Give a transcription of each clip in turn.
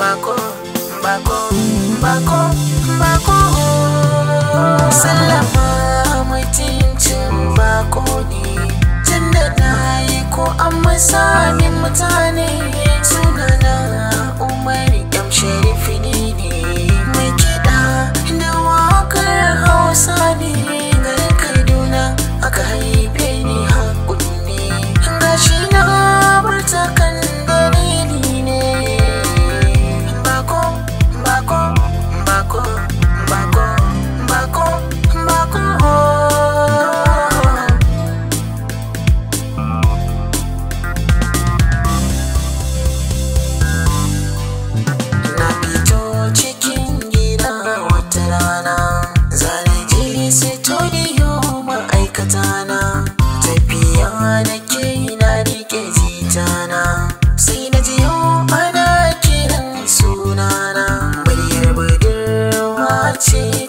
bako bako bako bako ne tunda na yi ko an masa min mutane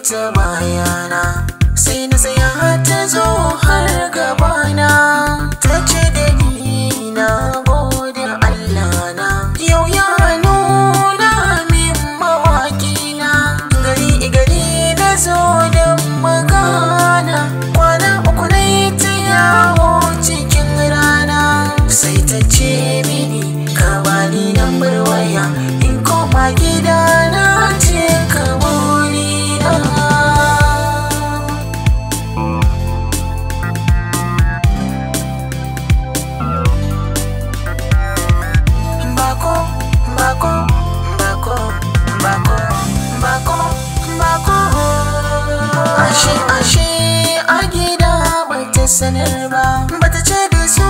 ta bayana sai na saya ta zo har gabana ta ce da na gode Allah na yau ya nuna min mawaki na gari gari na zo da magana kwana uku na ta yawo cikin rana sai ta ce mini ka ni lambar waya in koma gida ba bata ce da su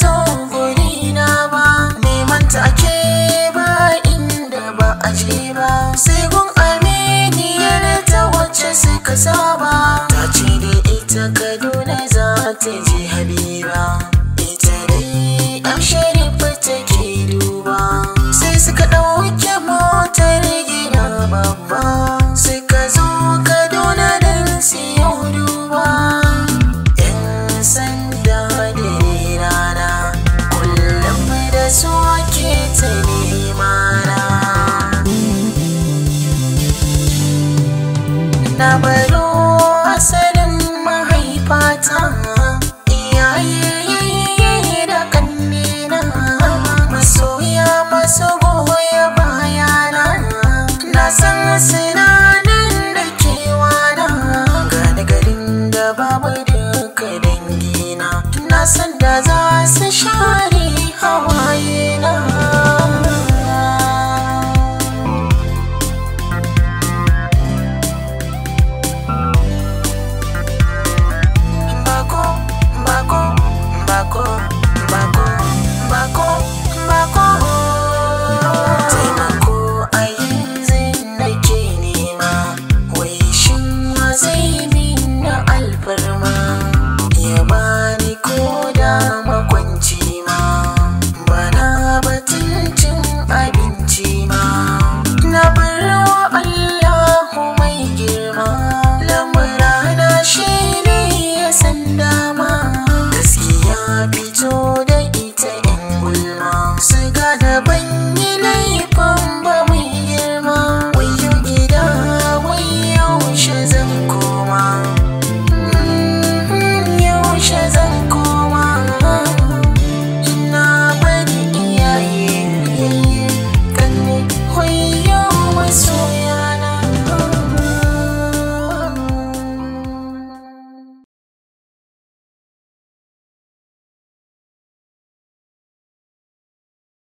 zo gurina ba neman ta ake ba inda ba a je ba sai gun aminiyar ta wacce suka saba ta ce da ita kaduna zata je habiba ita dai am sharif take duba sai suka ɗauke motar gida babba la